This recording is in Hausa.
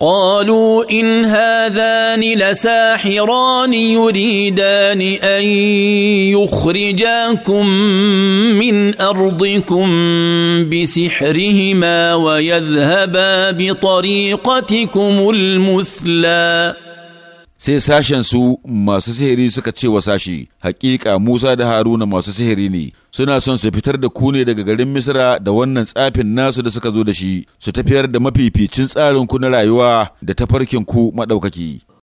قالوا إن هذان لساحران يريدان أن يخرجاكم من أرضكم بسحرهما ويذهبا بطريقتكم المثلى sai sashen su masu sihiri suka ce wa sashi hakika Musa da Haruna masu sihiri ne suna son su fitar da ku ne daga garin Misra da wannan tsafin nasu da suka zo da shi su tafiyar da mafificin tsarin ku na rayuwa da tafarkin ku madaukaki